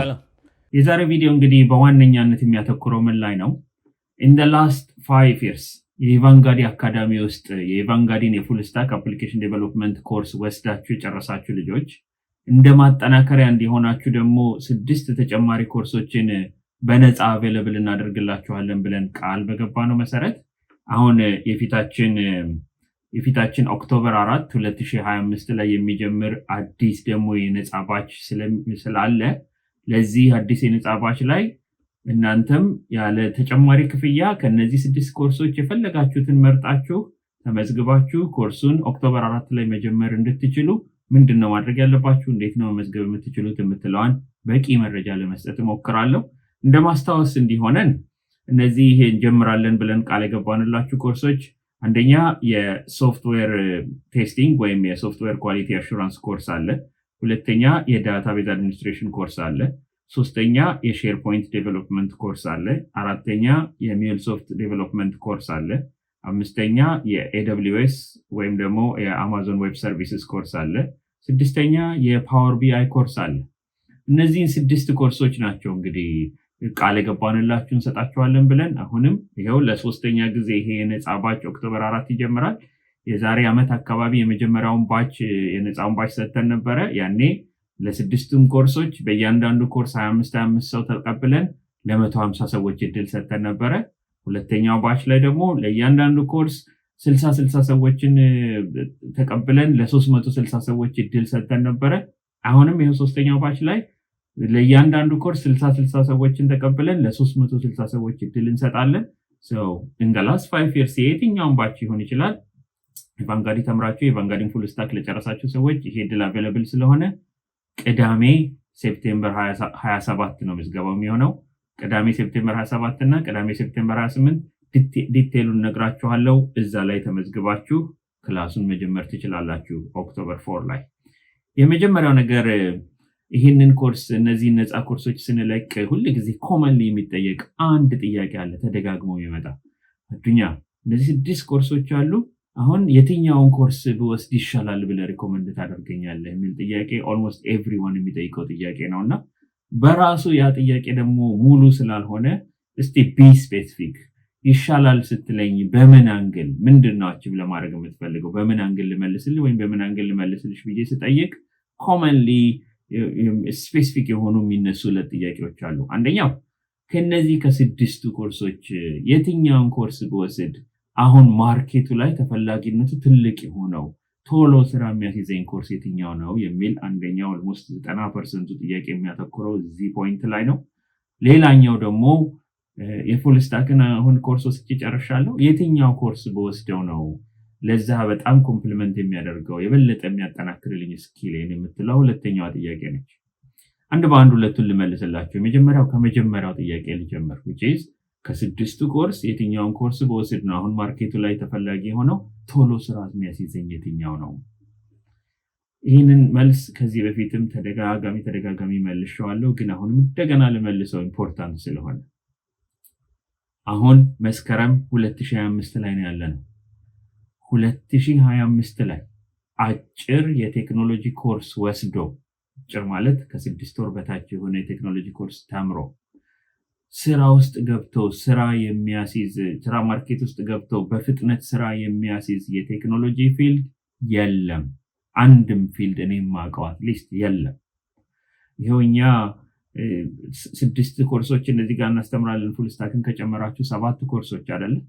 ሰላም። የዛሬ ቪዲዮ እንግዲህ በዋነኛነት የሚያተኩረው ምን ላይ ነው? ኢን ዘ ላስት ፋይቭ ይርስ የኢቫንጋዲ አካዳሚ ውስጥ የኢቫንጋዲን የፉል ስታክ አፕሊኬሽን ዴቨሎፕመንት ኮርስ ወስዳችሁ የጨረሳችሁ ልጆች እንደ ማጠናከሪያ እንዲሆናችሁ ደግሞ ስድስት ተጨማሪ ኮርሶችን በነፃ አቬለብል እናደርግላችኋለን ብለን ቃል በገባ ነው መሰረት አሁን የፊታችን የፊታችን ኦክቶበር አራት 2025 ላይ የሚጀምር አዲስ ደግሞ የነፃ ባች ስላለ ለዚህ አዲስ የነጻ ባች ላይ እናንተም ያለ ተጨማሪ ክፍያ ከነዚህ ስድስት ኮርሶች የፈለጋችሁትን መርጣችሁ ተመዝግባችሁ ኮርሱን ኦክቶበር አራት ላይ መጀመር እንድትችሉ ምንድን ነው ማድረግ ያለባችሁ፣ እንዴት ነው መመዝገብ የምትችሉት የምትለዋን በቂ መረጃ ለመስጠት እሞክራለሁ። እንደ ማስታወስ እንዲሆነን እነዚህ ይሄ እንጀምራለን ብለን ቃል የገባንላችሁ ኮርሶች አንደኛ የሶፍትዌር ቴስቲንግ ወይም የሶፍትዌር ኳሊቲ አሹራንስ ኮርስ አለ። ሁለተኛ የዳታቤዝ አድሚኒስትሬሽን ኮርስ አለ። ሶስተኛ የሼርፖይንት ዴቨሎፕመንት ኮርስ አለ። አራተኛ የሚልሶፍት ዴቨሎፕመንት ኮርስ አለ። አምስተኛ የኤደብሊውኤስ ወይም ደግሞ የአማዞን ዌብ ሰርቪስስ ኮርስ አለ። ስድስተኛ የፓወር ቢአይ ኮርስ አለ። እነዚህን ስድስት ኮርሶች ናቸው እንግዲህ ቃል የገባንላችሁ እንሰጣችኋለን ብለን አሁንም ይኸው ለሶስተኛ ጊዜ ይሄ የነጻ ባች ኦክቶበር አራት ይጀምራል። የዛሬ ዓመት አካባቢ የመጀመሪያውን ባች የነፃውን ባች ሰጥተን ነበረ። ያኔ ለስድስቱም ኮርሶች በእያንዳንዱ ኮርስ 25 25 ሰው ተቀብለን ለ150 ሰዎች እድል ሰጥተን ነበረ። ሁለተኛው ባች ላይ ደግሞ ለእያንዳንዱ ኮርስ 60 60 ሰዎችን ተቀብለን ለ360 ሰዎች እድል ሰጥተን ነበረ። አሁንም ይህ ሶስተኛው ባች ላይ ለእያንዳንዱ ኮርስ 60 60 ሰዎችን ተቀብለን ለ360 ሰዎች እድል እንሰጣለን። ኢን ዘ ላስት ፋይቭ ይርስ የትኛውን ባች ይሆን ይችላል ቫንጋዲ ተምራችሁ የቫንጋዲን ፉል ስታክ ለጨረሳችሁ ሰዎች ይሄ ድል አቬለብል ስለሆነ ቅዳሜ ሴፕቴምበር 27 ነው ምዝገባው የሚሆነው። ቅዳሜ ሴፕቴምበር 27 እና ቅዳሜ ሴፕቴምበር 28 ዲቴሉን ነግራችኋለው። እዛ ላይ ተመዝግባችሁ ክላሱን መጀመር ትችላላችሁ። ኦክቶበር ፎር ላይ የመጀመሪያው ነገር ይህንን ኮርስ እነዚህ ነፃ ኮርሶች ስንለቅ ሁል ጊዜ ኮመን የሚጠየቅ አንድ ጥያቄ አለ፣ ተደጋግሞ የሚመጣ አዱኛ እነዚህ ስድስት ኮርሶች አሉ አሁን የትኛውን ኮርስ ብወስድ ይሻላል ብለህ ሪኮመንድ ታደርገኛለህ የሚል ጥያቄ ኦልሞስት ኤቭሪዋን የሚጠይቀው ጥያቄ ነው እና በራሱ ያ ጥያቄ ደግሞ ሙሉ ስላልሆነ እስቲ ቢ ስፔሲፊክ ይሻላል ስትለኝ በምን አንግል ምንድን ነው አችብ ለማድረግ የምትፈልገው በምን አንግል ልመልስልህ ወይም በምን አንግል ልመልስልሽ ብዬ ስጠይቅ ኮመንሊ ስፔሲፊክ የሆኑ የሚነሱ ሁለት ጥያቄዎች አሉ። አንደኛው ከነዚህ ከስድስቱ ኮርሶች የትኛውን ኮርስ ብወስድ አሁን ማርኬቱ ላይ ተፈላጊነቱ ትልቅ የሆነው ቶሎ ስራ የሚያስይዘኝ ኮርስ የትኛው ነው የሚል አንደኛው ኦልሞስት ዘጠና ፐርሰንቱ ጥያቄ የሚያተኩረው እዚህ ፖይንት ላይ ነው። ሌላኛው ደግሞ የፉል አሁን ኮርስ ወስጄ ጨርሻለሁ። የትኛው ኮርስ በወስደው ነው ለዛ በጣም ኮምፕሊመንት የሚያደርገው የበለጠ የሚያጠናክርልኝ ስኪሌን የምትለው ሁለተኛዋ ጥያቄ ነች። አንድ በአንድ ሁለቱን ልመልስላቸው። የመጀመሪያው ከመጀመሪያው ጥያቄ ልጀምር ዊች ከስድስቱ ኮርስ የትኛውን ኮርስ በወስድ ነው አሁን ማርኬቱ ላይ ተፈላጊ የሆነው ቶሎ ስራ የሚያስይዘኝ የትኛው ነው? ይህንን መልስ ከዚህ በፊትም ተደጋጋሚ ተደጋጋሚ መልሼዋለሁ፣ ግን አሁንም እንደገና ልመልሰው ኢምፖርታንት ስለሆነ አሁን መስከረም 2025 ላይ ነው ነው። 2025 ላይ አጭር የቴክኖሎጂ ኮርስ ወስዶ አጭር ማለት ከስድስት ወር በታች የሆነ የቴክኖሎጂ ኮርስ ተምሮ ስራ ውስጥ ገብተው ስራ የሚያስይዝ ስራ ማርኬት ውስጥ ገብተው በፍጥነት ስራ የሚያስይዝ የቴክኖሎጂ ፊልድ የለም። አንድም ፊልድ እኔ የማውቀው አትሊስት የለም። ይኸው እኛ ስድስት ኮርሶች እነዚህ ጋር እናስተምራለን። ፉልስታክን ከጨመራችሁ ሰባት ኮርሶች አይደለም።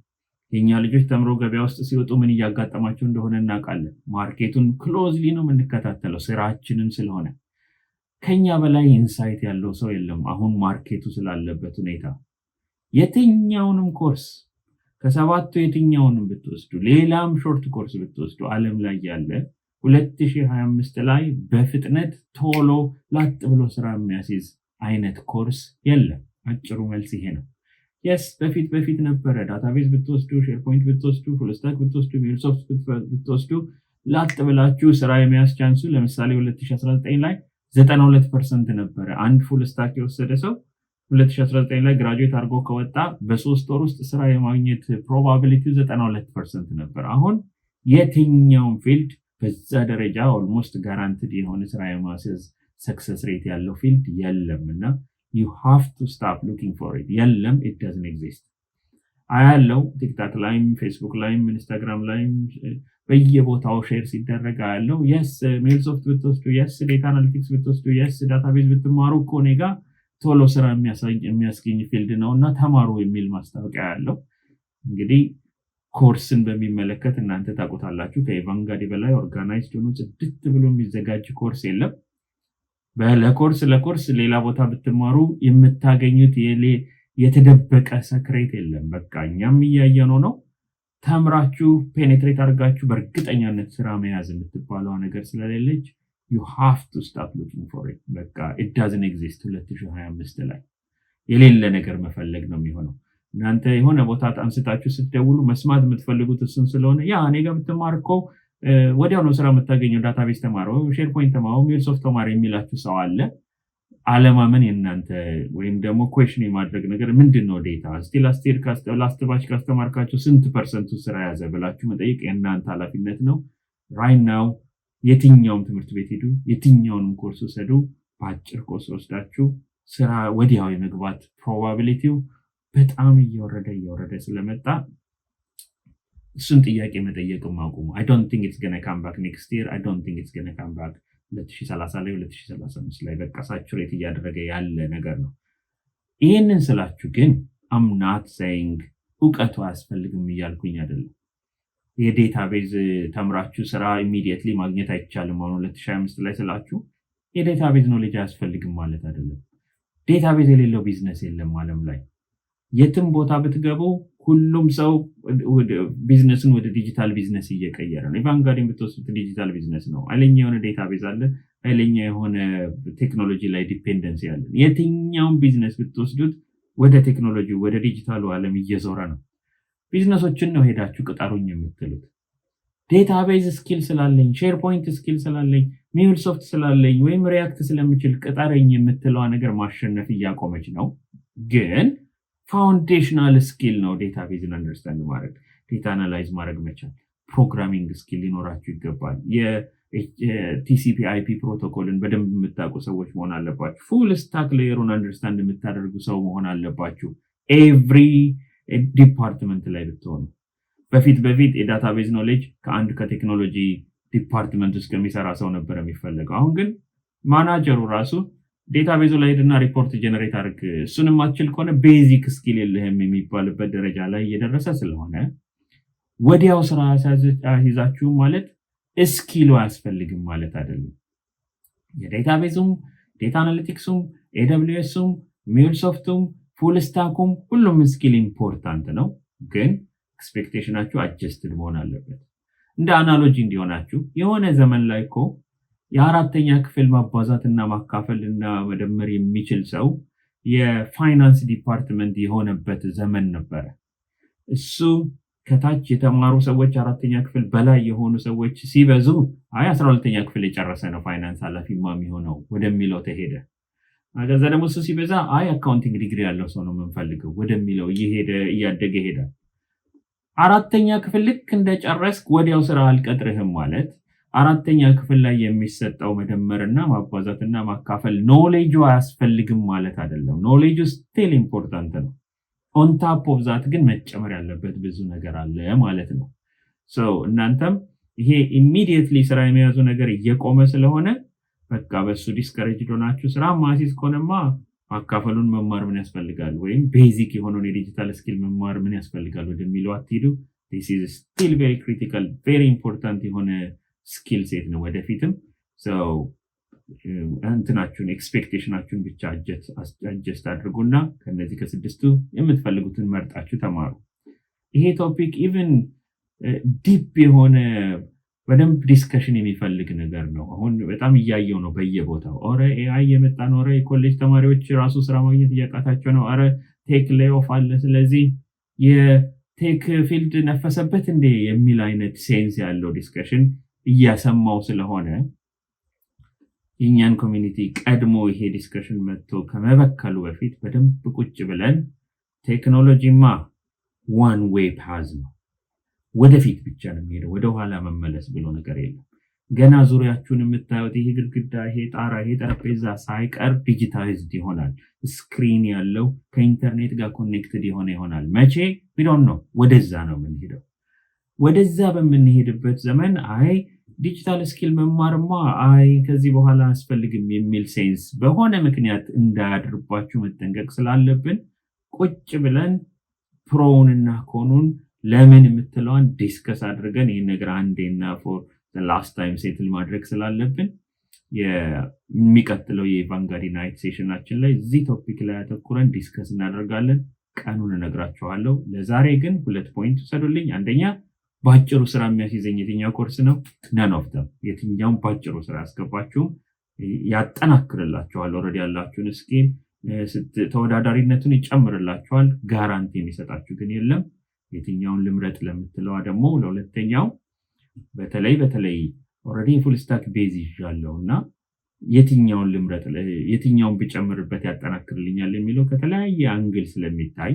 የእኛ ልጆች ተምሮ ገበያ ውስጥ ሲወጡ ምን እያጋጠማቸው እንደሆነ እናውቃለን። ማርኬቱን ክሎዝሊ ነው የምንከታተለው ስራችንም ስለሆነ ከኛ በላይ ኢንሳይት ያለው ሰው የለም። አሁን ማርኬቱ ስላለበት ሁኔታ የትኛውንም ኮርስ ከሰባቱ የትኛውንም ብትወስዱ፣ ሌላም ሾርት ኮርስ ብትወስዱ ዓለም ላይ ያለ 2025 ላይ በፍጥነት ቶሎ ላጥ ብሎ ስራ የሚያስይዝ አይነት ኮርስ የለም። አጭሩ መልስ ይሄ ነው። የስ በፊት በፊት ነበረ። ዳታቤዝ ብትወስዱ፣ ሼርፖይንት ብትወስዱ፣ ፉልስታክ ብትወስዱ፣ ሜልሶፍት ብትወስዱ ላጥ ብላችሁ ስራ የሚያስቻንሱ ለምሳሌ 2019 ላይ ዘጠና ሁለት ፐርሰንት ነበረ። አንድ ፉል ስታክ የወሰደ ሰው 2019 ላይ ግራጁዌት አድርጎ ከወጣ በሶስት ወር ውስጥ ስራ የማግኘት ፕሮባቢሊቲው 92 ፐርሰንት ነበር። አሁን የትኛውም ፊልድ በዛ ደረጃ ኦልሞስት ጋራንትድ የሆነ ስራ የማስያዝ ሰክሰስ ሬት ያለው ፊልድ የለም እና ዩ ሃቭ ቱ ስታፕ ሉኪንግ ፎር ኢት የለም ኢት ደዝን ኤግዚስት አያለው ቲክታክ ላይም ፌስቡክ ላይም ኢንስታግራም ላይም በየቦታው ሼር ሲደረጋ ያለው የስ ሜል ሶፍት ብትወስዱ፣ የስ ዴታ አናሊቲክስ ብትወስዱ፣ የስ ዳታቤዝ ብትማሩ እኮ እኔ ጋ ቶሎ ስራ የሚያስገኝ ፊልድ ነው እና ተማሩ የሚል ማስታወቂያ ያለው እንግዲህ ኮርስን በሚመለከት እናንተ ታውቁታላችሁ። ከኤቫንጋዲ በላይ ኦርጋናይዝድ ሆኖ ጽድት ብሎ የሚዘጋጅ ኮርስ የለም። ለኮርስ ለኮርስ ሌላ ቦታ ብትማሩ የምታገኙት የተደበቀ ሰክሬት የለም። በቃ እኛም እያየነው ነው ተምራችሁ ፔኔትሬት አድርጋችሁ በእርግጠኛነት ስራ መያዝ የምትባለዋ ነገር ስለሌለች ዩ ሃቭ ቱ ስታፕ ሉኪንግ ፎር ኢት። በቃ ኢት ዳዝን ኤግዚስት 2025 ላይ የሌለ ነገር መፈለግ ነው የሚሆነው። እናንተ የሆነ ቦታ አንስታችሁ ስትደውሉ መስማት የምትፈልጉት እሱን ስለሆነ ያ እኔ ጋር ብትማር እኮ ወዲያው ነው ስራ የምታገኘው። ዳታቤዝ ተማረው፣ ሼርፖይንት ተማረው፣ ሚልሶፍት ተማር የሚላችሁ ሰው አለ። አለማመን የእናንተ ወይም ደግሞ ኩዌሽን የማድረግ ነገር ምንድን ነው ዴታ እስቲ ላስቴር ላስትባች ካስተማርካቸው ስንት ፐርሰንቱ ስራ ያዘ ብላችሁ መጠየቅ የእናንተ ኃላፊነት ነው። ራይት ናው የትኛውም ትምህርት ቤት ሄዱ፣ የትኛውንም ኮርስ ውሰዱ፣ በአጭር ኮርስ ወስዳችሁ ስራ ወዲያው የመግባት ፕሮባቢሊቲው በጣም እየወረደ እየወረደ ስለመጣ እሱን ጥያቄ መጠየቅም አቁሙ። አይ ዶንት ቲንክ ኢትስ ገና ካም ባክ ኔክስት ይር አይ ዶንት ቲንክ ኢትስ ገና ካም ባክ 2030 ላይ 2035 ላይ በቃ ሳቹሬት እያደረገ ያለ ነገር ነው። ይህንን ስላችሁ ግን አምናት ሳይንግ እውቀቱ አያስፈልግም እያልኩኝ አይደለም። የዴታቤዝ ተምራችሁ ስራ ኢሚዲየትሊ ማግኘት አይቻልም። አሁን 2025 ላይ ስላችሁ የዴታቤዝ ኖሌጅ አያስፈልግም ማለት አይደለም። ዴታቤዝ የሌለው ቢዝነስ የለም ዓለም ላይ የትም ቦታ ብትገቡ ሁሉም ሰው ቢዝነሱን ወደ ዲጂታል ቢዝነስ እየቀየረ ነው። የቫንጋርድ የምትወስዱት ዲጂታል ቢዝነስ ነው። ኃይለኛ የሆነ ቤዝ አለ። ኃይለኛ የሆነ ቴክኖሎጂ ላይ ዲፔንደንስ ያለ። የትኛውን ቢዝነስ ብትወስዱት ወደ ቴክኖሎጂ ወደ ዲጂታሉ ዓለም እየዞረ ነው። ቢዝነሶችን ነው ሄዳችሁ ቅጠሩኝ የምትሉት። ዴታቤዝ ስኪል ስላለኝ፣ ሼርፖይንት ስኪል ስላለኝ፣ ሚውልሶፍት ስላለኝ ወይም ሪያክት ስለምችል ቅጠረኝ የምትለዋ ነገር ማሸነፍ እያቆመች ነው ግን ፋውንዴሽናል ስኪል ነው ዴታ ዴታቤዝን አንደርስታንድ ማድረግ፣ ዴታ አናላይዝ ማድረግ መቻል። ፕሮግራሚንግ ስኪል ሊኖራችሁ ይገባል። የቲሲፒ አይፒ ፕሮቶኮልን በደንብ የምታውቁ ሰዎች መሆን አለባችሁ። ፉል ስታክ ሌየሩን አንደርስታንድ የምታደርጉ ሰው መሆን አለባችሁ። ኤቭሪ ዲፓርትመንት ላይ ብትሆኑ በፊት በፊት የዳታ የዳታቤዝ ኖሌጅ ከአንድ ከቴክኖሎጂ ዲፓርትመንት ውስጥ ከሚሰራ ሰው ነበር የሚፈለገው። አሁን ግን ማናጀሩ ራሱ ዴታ ቤዙ ላይ ሄድና ሪፖርት ጀነሬት አድርግ። እሱን የማትችል ከሆነ ቤዚክ ስኪል የለህም የሚባልበት ደረጃ ላይ እየደረሰ ስለሆነ ወዲያው ስራ ያስይዛችሁ ማለት ስኪሉ አያስፈልግም ማለት አይደለም። የዴታ ቤዙም ዴታ አናሊቲክሱም ኤደብሊው ኤሱም ሚልሶፍቱም ፉልስታኩም ሁሉም ስኪል ኢምፖርታንት ነው፣ ግን ኤክስፔክቴሽናችሁ አጀስትድ መሆን አለበት። እንደ አናሎጂ እንዲሆናችሁ የሆነ ዘመን ላይ እኮ የአራተኛ ክፍል ማባዛት እና ማካፈል እና መደመር የሚችል ሰው የፋይናንስ ዲፓርትመንት የሆነበት ዘመን ነበረ። እሱ ከታች የተማሩ ሰዎች አራተኛ ክፍል በላይ የሆኑ ሰዎች ሲበዙ አይ አስራ ሁለተኛ ክፍል የጨረሰ ነው ፋይናንስ ኃላፊማ የሚሆነው ወደሚለው ተሄደ። ከዛ ደግሞ እሱ ሲበዛ አይ አካውንቲንግ ዲግሪ ያለው ሰው ነው የምንፈልገው ወደሚለው እየሄደ እያደገ ይሄዳል። አራተኛ ክፍል ልክ እንደጨረስክ ወዲያው ስራ አልቀጥርህም ማለት አራተኛ ክፍል ላይ የሚሰጠው መደመርና ማባዛትና ማካፈል ኖሌጁ አያስፈልግም ማለት አይደለም። ኖሌጁ ስቲል ኢምፖርታንት ነው። ኦንታፕ ኦፍ ዛት ግን መጨመር ያለበት ብዙ ነገር አለ ማለት ነው። እናንተም ይሄ ኢሚዲየትሊ ስራ የመያዙ ነገር እየቆመ ስለሆነ በቃ በሱ ዲስከሬጅ ዶናችሁ ስራ ማሲዝ ከሆነማ ማካፈሉን መማር ምን ያስፈልጋል ወይም ቤዚክ የሆነውን የዲጂታል ስኪል መማር ምን ያስፈልጋል ወደሚለው አትሄዱ። ስቲል ቬሪ ክሪቲካል ቬሪ ኢምፖርታንት የሆነ ስኪል ሴት ነው። ወደፊትም ሰው um, እንትናችሁን ኤክስፔክቴሽናችሁን ብቻ አጀስት አድርጉና ከነዚህ ከስድስቱ የምትፈልጉትን መርጣችሁ ተማሩ። ይሄ ቶፒክ ኢቨን ዲፕ የሆነ በደንብ ዲስከሽን የሚፈልግ ነገር ነው። አሁን በጣም እያየው ነው በየቦታው። ኧረ ኤአይ የመጣ ነው፣ ኧረ የኮሌጅ ተማሪዎች ራሱ ስራ ማግኘት እያቃታቸው ነው፣ ኧረ ቴክ ላይኦፍ አለ፣ ስለዚህ የቴክ ፊልድ ነፈሰበት እንዴ የሚል አይነት ሴንስ ያለው ዲስከሽን እያሰማው ስለሆነ የእኛን ኮሚኒቲ ቀድሞ ይሄ ዲስከሽን መጥቶ ከመበከሉ በፊት በደንብ ቁጭ ብለን ቴክኖሎጂማ ዋን ዌይ ፓዝ ነው፣ ወደፊት ብቻ ነው የሚሄደው፣ ወደኋላ መመለስ ብሎ ነገር የለም። ገና ዙሪያችሁን የምታዩት ይሄ ግድግዳ፣ ይሄ ጣራ፣ ይሄ ጠረጴዛ ሳይቀር ዲጂታይዝድ ይሆናል። ስክሪን ያለው ከኢንተርኔት ጋር ኮኔክትድ የሆነ ይሆናል። መቼ ቢሆን ነው? ወደዛ ነው የምንሄደው። ወደዛ በምንሄድበት ዘመን አይ ዲጂታል ስኪል መማርማ አይ ከዚህ በኋላ አያስፈልግም የሚል ሴንስ በሆነ ምክንያት እንዳያድርባችሁ መጠንቀቅ ስላለብን ቁጭ ብለን ፕሮውን እና ኮኑን ለምን የምትለዋን ዲስከስ አድርገን ይህን ነገር አንዴና ፎር ላስት ታይም ሴትል ማድረግ ስላለብን የሚቀጥለው የቫንጋሪ ናይት ሴሽናችን ላይ እዚህ ቶፒክ ላይ ያተኩረን ዲስከስ እናደርጋለን። ቀኑን እነግራችኋለሁ። ለዛሬ ግን ሁለት ፖይንት ውሰዱልኝ። አንደኛ በአጭሩ ስራ የሚያስይዘኝ የትኛው ኮርስ ነው? ነን ኦፍ ደም። የትኛውም በአጭሩ ስራ ያስገባችሁም ያጠናክርላችኋል። ኦልሬዲ ያላችሁን ስኪል ተወዳዳሪነቱን ይጨምርላችኋል። ጋራንቲ የሚሰጣችሁ ግን የለም። የትኛውን ልምረጥ ለምትለዋ ደግሞ ለሁለተኛው በተለይ በተለይ ኦልሬዲ የፉልስታክ ቤዝ ይዣለሁ እና የትኛውን ልምረጥ የትኛውን ብጨምርበት ያጠናክርልኛል የሚለው ከተለያየ አንግል ስለሚታይ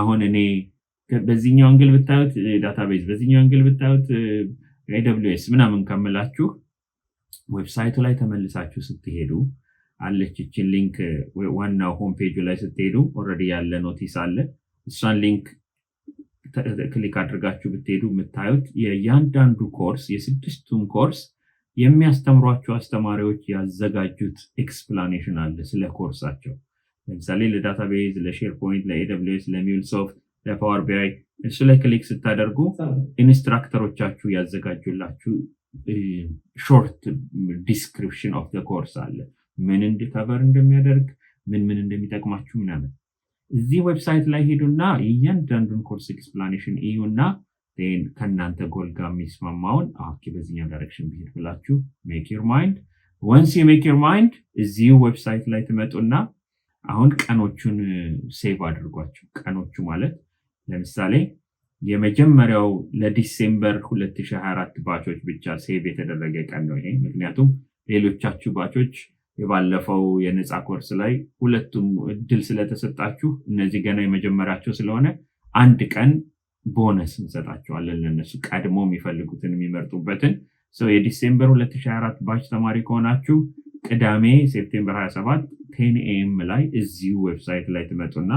አሁን እኔ በዚህኛው አንግል ብታዩት ዳታቤዝ፣ በዚህኛው አንግል ብታዩት ኤ ኤስ ምናምን ከምላችሁ ዌብሳይቱ ላይ ተመልሳችሁ ስትሄዱ አለች ይችን ሊንክ ዋናው ሆም ፔጁ ላይ ስትሄዱ ኦልሬዲ ያለ ኖቲስ አለ። እሷን ሊንክ ክሊክ አድርጋችሁ ብትሄዱ የምታዩት የእያንዳንዱ ኮርስ የስድስቱም ኮርስ የሚያስተምሯቸው አስተማሪዎች ያዘጋጁት ኤክስፕላኔሽን አለ ስለ ኮርሳቸው። ለምሳሌ ለዳታቤዝ፣ ለሼርፖይንት፣ ለኤ ደብሊው ኤስ፣ ለፓወር ቢአይ እሱ ላይ ክሊክ ስታደርጉ ኢንስትራክተሮቻችሁ ያዘጋጁላችሁ ሾርት ዲስክሪፕሽን ኦፍ ኮርስ አለ። ምን እንድከበር እንደሚያደርግ ምን ምን እንደሚጠቅማችሁ ምናምን እዚህ ዌብሳይት ላይ ሄዱና እያንዳንዱን ኮርስ ኤክስፕላኔሽን እዩና ከእናንተ ጎል ጋር የሚስማማውን አኪ በዚህኛው ዳይሬክሽን ብሄድ ብላችሁ ሜክ ዩር ማይንድ ወንስ የሜክ ዩር ማይንድ እዚሁ ዌብሳይት ላይ ትመጡና አሁን ቀኖቹን ሴቭ አድርጓቸው። ቀኖቹ ማለት ለምሳሌ የመጀመሪያው ለዲሴምበር 2024 ባቾች ብቻ ሴቭ የተደረገ ቀን ነው ይሄ። ምክንያቱም ሌሎቻችሁ ባቾች የባለፈው የነፃ ኮርስ ላይ ሁለቱም እድል ስለተሰጣችሁ እነዚህ ገና የመጀመሪያቸው ስለሆነ አንድ ቀን ቦነስ እንሰጣቸዋለን ለነሱ ቀድሞ የሚፈልጉትን የሚመርጡበትን። የዲሴምበር 2024 ባች ተማሪ ከሆናችሁ ቅዳሜ ሴፕቴምበር 27 ቴን ኤም ላይ እዚሁ ዌብሳይት ላይ ትመጡና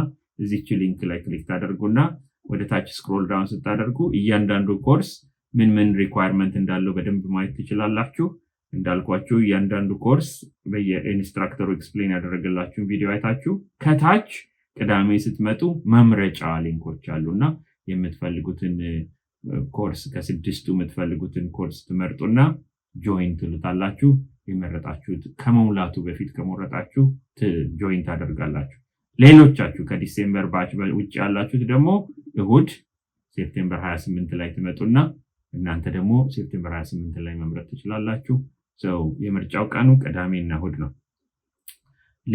እዚች ሊንክ ላይ ክሊክ ታደርጉና ወደ ታች ስክሮል ዳውን ስታደርጉ እያንዳንዱ ኮርስ ምን ምን ሪኳየርመንት እንዳለው በደንብ ማየት ትችላላችሁ። እንዳልኳችሁ እያንዳንዱ ኮርስ በየኢንስትራክተሩ ኤክስፕሌን ያደረገላችሁን ቪዲዮ አይታችሁ ከታች ቅዳሜ ስትመጡ መምረጫ ሊንኮች አሉ እና የምትፈልጉትን ኮርስ ከስድስቱ የምትፈልጉትን ኮርስ ትመርጡና ጆይን ትሉታላችሁ። የመረጣችሁት ከመሙላቱ በፊት ከመረጣችሁ ጆይን ታደርጋላችሁ። ሌሎቻችሁ ከዲሴምበር ባች ውጭ ያላችሁት ደግሞ እሁድ ሴፕቴምበር 28 ላይ ትመጡና እናንተ ደግሞ ሴፕቴምበር 28 ላይ መምረጥ ትችላላችሁ። ሰው የምርጫው ቀኑ ቅዳሜና እሁድ ነው።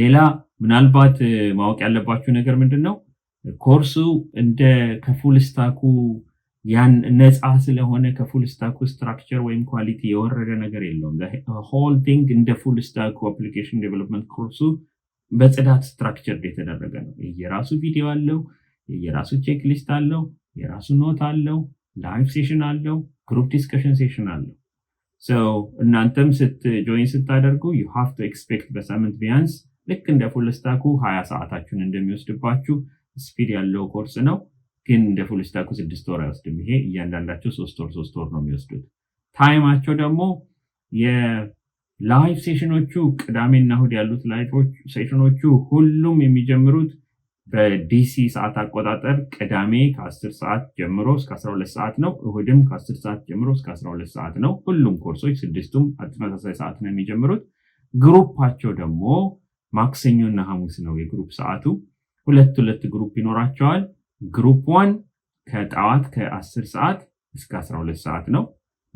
ሌላ ምናልባት ማወቅ ያለባችሁ ነገር ምንድን ነው? ኮርሱ እንደ ከፉል ስታኩ ያን ነፃ ስለሆነ ከፉል ስታኩ ስትራክቸር ወይም ኳሊቲ የወረደ ነገር የለውም። ሆል ቲንግ እንደ ፉል ስታኩ አፕሊኬሽን ዴቨሎፕመንት ኮርሱ በጽዳት ስትራክቸር የተደረገ ነው። የራሱ ቪዲዮ አለው፣ የራሱ ቼክሊስት አለው፣ የራሱ ኖት አለው፣ ላይቭ ሴሽን አለው፣ ግሩፕ ዲስከሽን ሴሽን አለው። እናንተም ጆይን ስታደርጉ ዩ ሃቭ ቱ ኤክስፔክት በሳምንት ቢያንስ ልክ እንደ ፉልስታኩ ሀያ ሰዓታችሁን እንደሚወስድባችሁ ስፒድ ያለው ኮርስ ነው። ግን እንደ ፉልስታኩ ስድስት ወር አይወስድም። ይሄ እያንዳንዳቸው ሶስት ወር ሶስት ወር ነው የሚወስዱት። ታይማቸው ደግሞ ላይቭ ሴሽኖቹ ቅዳሜና እሁድ ያሉት ላይቭ ሴሽኖቹ ሁሉም የሚጀምሩት በዲሲ ሰዓት አቆጣጠር ቅዳሜ ከ10 ሰዓት ጀምሮ እስከ 12 ሰዓት ነው። እሁድም ከ10 ሰዓት ጀምሮ እስከ 12 ሰዓት ነው። ሁሉም ኮርሶች ስድስቱም ተመሳሳይ ሰዓት ነው የሚጀምሩት። ግሩፓቸው ደግሞ ማክሰኞና ሐሙስ ነው የግሩፕ ሰዓቱ። ሁለት ሁለት ግሩፕ ይኖራቸዋል። ግሩፕ ዋን ከጠዋት ከ10 ሰዓት እስከ 12 ሰዓት ነው።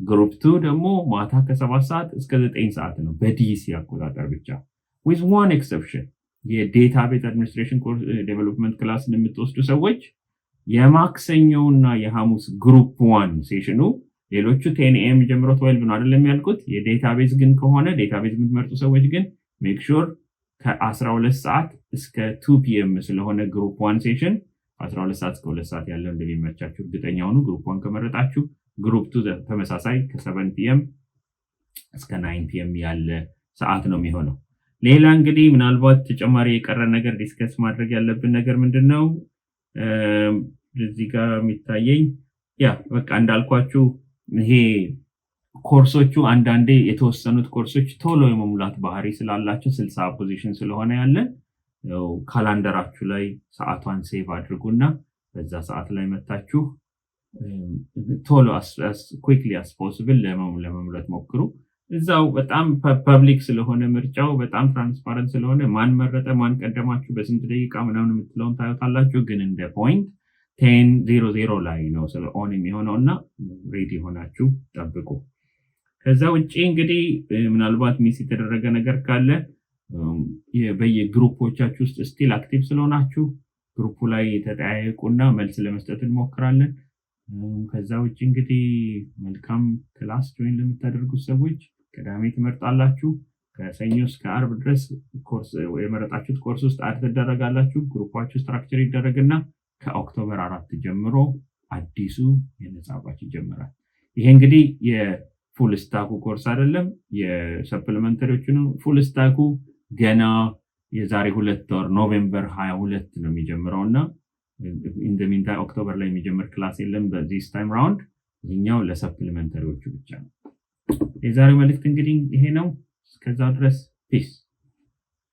ግሩፕ ቱ ደግሞ ማታ ከሰባት ሰዓት እስከ ዘጠኝ ሰዓት ነው በዲሲ አቆጣጠር ብቻ ዊዝ ዋን ኤክሰፕሽን የዴታ ቤዝ አድሚኒስትሬሽን ዴቨሎፕመንት ክላስን የምትወስዱ ሰዎች የማክሰኞውና የሐሙስ ግሩፕ ዋን ሴሽኑ ሌሎቹ ቴንኤም ጀምሮ ትዌልቭ ነው አይደለም ያልኩት። የዴታቤዝ ግን ከሆነ ዴታቤዝ የምትመርጡ ሰዎች ግን ሜክ ሹር ከ12 ሰዓት እስከ ቱ ፒኤም ስለሆነ ግሩፕ ዋን ሴሽን 12 ሰዓት እስከ 2 ሰዓት ያለው እንደሚመቻችሁ እርግጠኛ ሆኑ። ግሩፕ ዋን ከመረጣችሁ ግሩፕቱ ተመሳሳይ ከሰቨን ፒኤም እስከ ናይን ፒኤም ያለ ሰዓት ነው የሚሆነው። ሌላ እንግዲህ ምናልባት ተጨማሪ የቀረ ነገር ዲስከስ ማድረግ ያለብን ነገር ምንድን ነው? እዚህ ጋር የሚታየኝ ያ በቃ እንዳልኳችሁ ይሄ ኮርሶቹ አንዳንዴ የተወሰኑት ኮርሶች ቶሎ የመሙላት ባህሪ ስላላቸው ስልሳ ፖዚሽን ስለሆነ ያለን ካላንደራችሁ ላይ ሰዓቷን ሴቭ አድርጉና በዛ ሰዓት ላይ መታችሁ ቶሎ ኩክሊ አስ ፖስብል ለመምረጥ ሞክሩ። እዛው በጣም ፐብሊክ ስለሆነ ምርጫው በጣም ትራንስፓረንት ስለሆነ ማን መረጠ ማን ቀደማችሁ በስንት ደቂቃ ምናምን የምትለውን ታዩታላችሁ። ግን እንደ ፖይንት ቴን ዜሮ ዜሮ ላይ ነው ስለኦን የሚሆነው እና ሬዲ የሆናችሁ ጠብቁ። ከዛ ውጭ እንግዲህ ምናልባት ሚስ የተደረገ ነገር ካለ በየግሩፖቻችሁ ውስጥ ስቲል አክቲቭ ስለሆናችሁ ግሩፑ ላይ ተጠያየቁና መልስ ለመስጠት እንሞክራለን። ከዛ ውጭ እንግዲህ መልካም ክላስ ጆይን ለምታደርጉት ሰዎች ቅዳሜ ትመርጣላችሁ። ከሰኞ እስከ አርብ ድረስ የመረጣችሁት ኮርስ ውስጥ አድ ትደረጋላችሁ። ግሩፓችሁ ስትራክቸር ይደረግና ከኦክቶበር አራት ጀምሮ አዲሱ የነጻ ይጀምራል። ይሄ እንግዲህ የፉል ስታኩ ኮርስ አይደለም፣ የሰፕሊመንተሪዎቹ ነው። ፉል ስታኩ ገና የዛሬ ሁለት ወር ኖቬምበር ሀያ ሁለት ነው የሚጀምረው እና ኢንደሚንታይ ኦክቶበር ላይ የሚጀምር ክላስ የለም በዚስ ታይም ራውንድ። ይህኛው ለሰፕሊመንተሪዎቹ ብቻ ነው። የዛሬው መልእክት እንግዲህ ይሄ ነው። እስከዛ ድረስ ፒስ